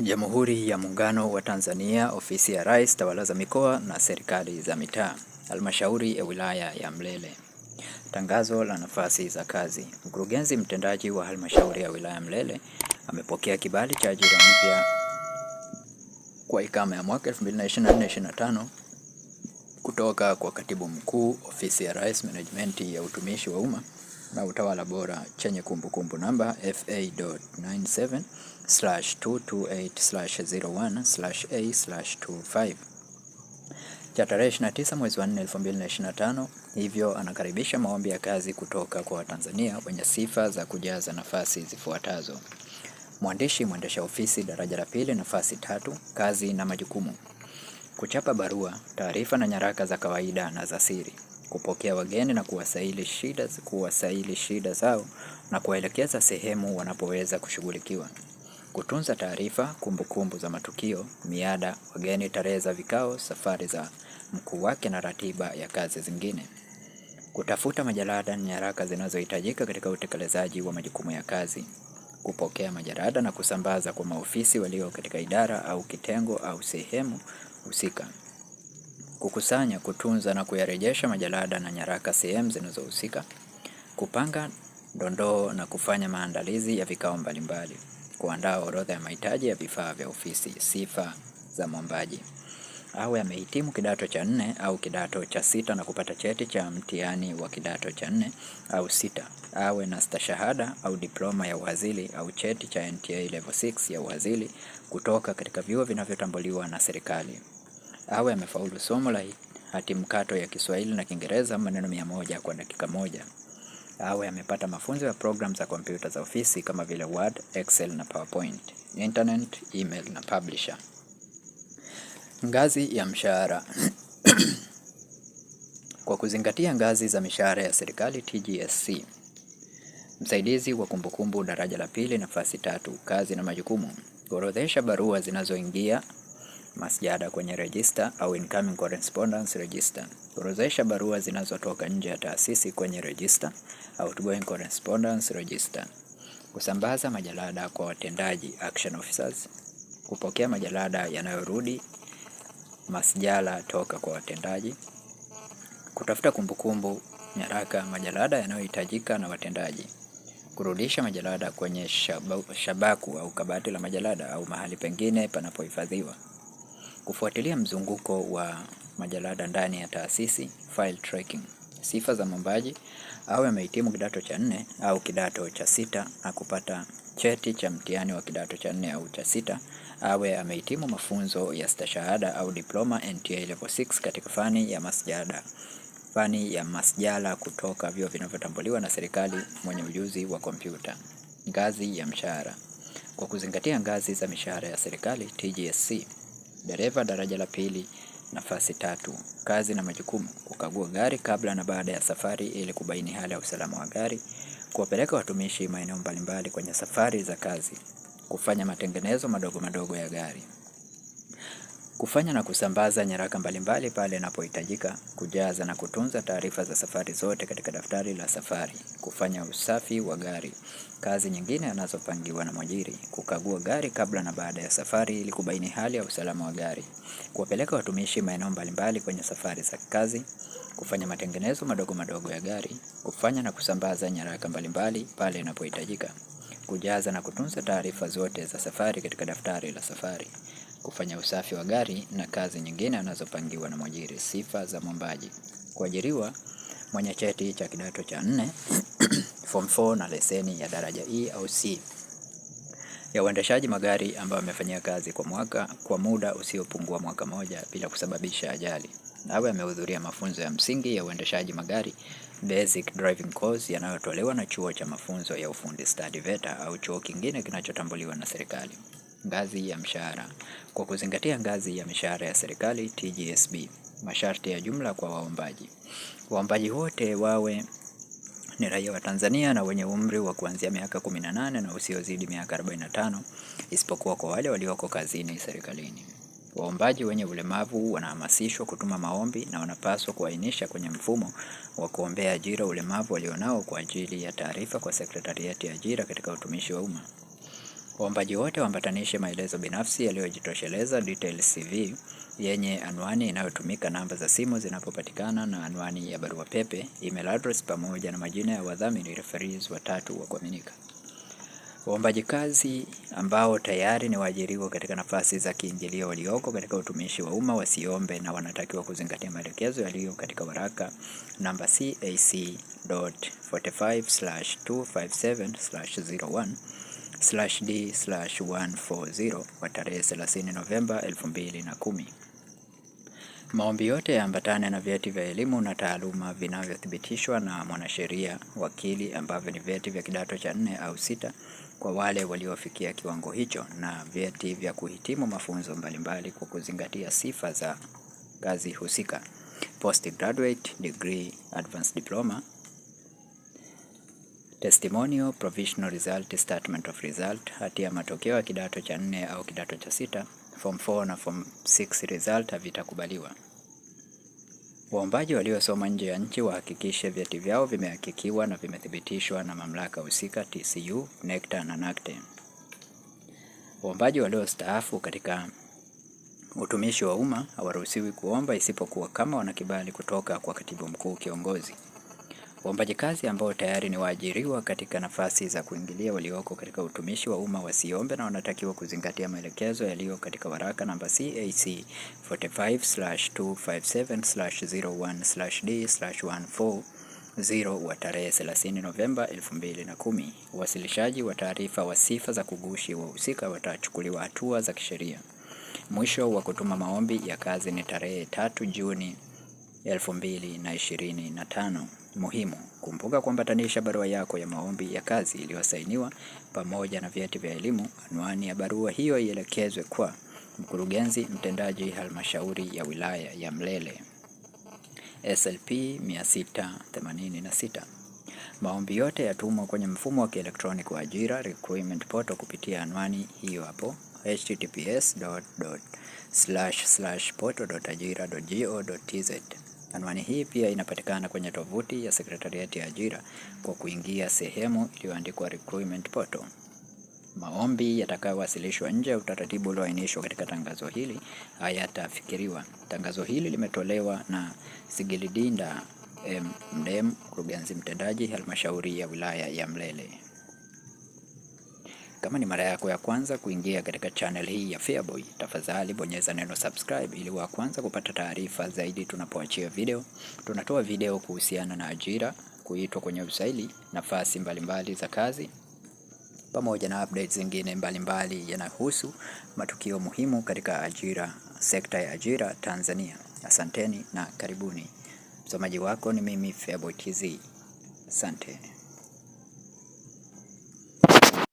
Jamhuri ya Muungano wa Tanzania, Ofisi ya Rais, Tawala za Mikoa na Serikali za Mitaa, Halmashauri ya Wilaya ya Mlele. Tangazo la nafasi za kazi. Mkurugenzi mtendaji wa Halmashauri ya Wilaya Mlele amepokea kibali cha ajira mpya kwa ikama ya mwaka 2024/2025 kutoka kwa Katibu Mkuu, Ofisi ya Rais, Menejimenti ya Utumishi wa Umma na utawala bora chenye kumbukumbu namba FA.97/228/01/A/25 cha tarehe 29 mwezi wa 4 2025. Hivyo anakaribisha maombi ya kazi kutoka kwa Watanzania wenye sifa za kujaza nafasi zifuatazo: mwandishi mwendesha ofisi daraja la pili, nafasi tatu. Kazi na majukumu: kuchapa barua, taarifa na nyaraka za kawaida na za siri kupokea wageni na kuwasaili shida, kuwasaili shida zao na kuwaelekeza sehemu wanapoweza kushughulikiwa. Kutunza taarifa, kumbukumbu za matukio, miada, wageni, tarehe za vikao, safari za mkuu wake na ratiba ya kazi zingine. Kutafuta majalada na nyaraka zinazohitajika katika utekelezaji wa majukumu ya kazi. Kupokea majalada na kusambaza kwa maofisi walio katika idara au kitengo au sehemu husika kukusanya, kutunza na kuyarejesha majalada na nyaraka sehemu zinazohusika, kupanga dondoo na kufanya maandalizi ya vikao mbalimbali, kuandaa orodha ya mahitaji ya vifaa vya ofisi. Sifa za mwombaji: awe amehitimu kidato cha nne au kidato cha sita na kupata cheti cha mtihani wa kidato cha nne au sita. Awe na stashahada au diploma ya uhazili au cheti cha NTA Level 6 ya uhazili kutoka katika vyuo vinavyotambuliwa na serikali awe amefaulu somo la hati mkato ya Kiswahili na Kiingereza maneno mia moja kwa dakika moja. Awe amepata mafunzo ya programu za kompyuta za ofisi kama vile Word, Excel na PowerPoint, internet, email na publisher. Ngazi ya mshahara kwa kuzingatia ngazi za mishahara ya serikali TGSC, msaidizi wa kumbukumbu daraja la pili, nafasi tatu, kazi na majukumu, kuorodhesha barua zinazoingia masjada kwenye register au incoming correspondence register, kurozesha barua zinazotoka nje ya taasisi kwenye register, outgoing correspondence register, kusambaza majalada kwa watendaji action officers, kupokea majalada yanayorudi masjala toka kwa watendaji, kutafuta kumbukumbu, nyaraka, majalada yanayohitajika na watendaji kurudisha majalada kwenye shabaku au kabati la majalada au mahali pengine panapohifadhiwa. Kufuatilia mzunguko wa majalada ndani ya taasisi, file tracking. Sifa za mwombaji awe amehitimu kidato cha nne au kidato cha sita na kupata cheti cha mtihani wa kidato cha nne au cha sita. Awe amehitimu mafunzo ya stashahada au diploma NTA level 6 katika fani ya masjada fani ya masjala kutoka vyuo vinavyotambuliwa na serikali, mwenye ujuzi wa kompyuta. Ngazi ya mshahara, kwa kuzingatia ngazi za mishahara ya serikali TGSC dereva daraja la pili, nafasi tatu. Kazi na majukumu: kukagua gari kabla na baada ya safari ili kubaini hali ya usalama wa gari, kuwapeleka watumishi maeneo mbalimbali kwenye safari za kazi, kufanya matengenezo madogo madogo ya gari kufanya na kusambaza nyaraka mbalimbali pale inapohitajika, kujaza na kutunza taarifa za safari zote katika daftari la safari, kufanya usafi wa gari, kazi nyingine anazopangiwa na mwajiri, kukagua gari kabla na baada ya safari ili kubaini hali ya usalama wa gari, kuwapeleka watumishi maeneo mbalimbali kwenye safari za kazi, kufanya matengenezo madogo madogo ya gari, kufanya na kusambaza nyaraka mbalimbali pale inapohitajika, kujaza na kutunza taarifa zote za safari katika daftari la safari kufanya usafi wa gari na kazi nyingine anazopangiwa na mwajiri. Sifa za mwombaji: kuajiriwa, mwenye cheti cha kidato cha nne form 4 na leseni ya daraja E au C ya uendeshaji magari ambayo amefanyia kazi kwa mwaka kwa muda usiopungua mwaka moja bila kusababisha ajali, awe amehudhuria mafunzo ya msingi ya uendeshaji magari basic driving course yanayotolewa na chuo cha mafunzo ya ufundi stadi VETA au chuo kingine kinachotambuliwa na serikali. Ngazi ya mshahara. Kwa kuzingatia ngazi ya mishahara ya serikali TGSB, masharti ya jumla kwa waombaji. Waombaji wote wawe ni raia wa Tanzania na wenye umri wa kuanzia miaka 18 na usiozidi miaka 45, isipokuwa kwa wale walioko kazini serikalini. Waombaji wenye ulemavu wanahamasishwa kutuma maombi na wanapaswa kuainisha kwenye mfumo wa kuombea ajira ulemavu walionao kwa ajili ya taarifa kwa sekretariati ya ajira katika utumishi wa umma. Waombaji wote waambatanishe maelezo binafsi yaliyojitosheleza detail CV yenye anwani inayotumika, namba za simu zinapopatikana, na anwani ya barua pepe email address, pamoja na majina ya wadhamini referees watatu wa kuaminika. Waombaji kazi ambao tayari ni waajiriwa katika nafasi za kiingilio walioko katika utumishi wa umma wasiombe na wanatakiwa kuzingatia maelekezo yaliyo katika waraka namba CAC.45/257/01 D/140 wa tarehe 30 Novemba 2010. Maombi yote yaambatane na vyeti vya elimu na taaluma vinavyothibitishwa na mwanasheria wakili, ambavyo ni vyeti vya kidato cha nne au sita kwa wale waliofikia kiwango hicho, na vyeti vya kuhitimu mafunzo mbalimbali kwa kuzingatia sifa za ngazi husika: postgraduate degree, advanced diploma Testimonial Provisional Result Statement of Result, hati ya matokeo ya kidato cha nne au kidato cha sita, form 4 na form 6 result havitakubaliwa. Waombaji waliosoma nje ya nchi wahakikishe vyeti vyao vimehakikiwa na vimethibitishwa na mamlaka husika TCU, NECTA na NACTE. Waombaji waliostaafu katika utumishi wa umma hawaruhusiwi kuomba isipokuwa kama wana kibali kutoka kwa katibu mkuu kiongozi. Waombaji kazi ambao tayari ni waajiriwa katika nafasi za kuingilia walioko katika utumishi wa umma wasiombe na wanatakiwa kuzingatia maelekezo yaliyo katika waraka namba CAC 45/257/01/D/14 0 wa tarehe 30 Novemba 2010. Uwasilishaji wa taarifa wa sifa za kugushi wahusika watachukuliwa hatua za kisheria. Mwisho wa kutuma maombi ya kazi ni tarehe 3 Juni 2025. Muhimu kumbuka kuambatanisha barua yako ya maombi ya kazi iliyosainiwa pamoja na vyeti vya elimu. Anwani ya barua hiyo ielekezwe kwa mkurugenzi mtendaji halmashauri ya wilaya ya Mlele, SLP 686. Maombi yote yatumwa kwenye mfumo wa kielektroniki wa ajira recruitment portal kupitia anwani hiyo hapo https://portal.ajira.go.tz. Anwani hii pia inapatikana kwenye tovuti ya Sekretarieti ya Ajira kwa kuingia sehemu iliyoandikwa Recruitment Portal. Maombi yatakayowasilishwa nje ya utaratibu ulioainishwa katika tangazo hili hayatafikiriwa. Tangazo hili limetolewa na Sigilidinda M. Mdem, mkurugenzi mtendaji halmashauri ya wilaya ya Mlele. Kama ni mara yako ya kwanza kuingia katika channel hii ya Feaboy, tafadhali bonyeza neno subscribe ili wa kwanza kupata taarifa zaidi tunapoachia video. Tunatoa video kuhusiana na ajira, kuitwa kwenye usaili, nafasi mbalimbali za kazi pamoja na updates zingine mbalimbali yanayohusu matukio muhimu katika ajira, sekta ya ajira Tanzania. Asanteni na karibuni. Msomaji wako ni mimi Feaboy TZ. Asante.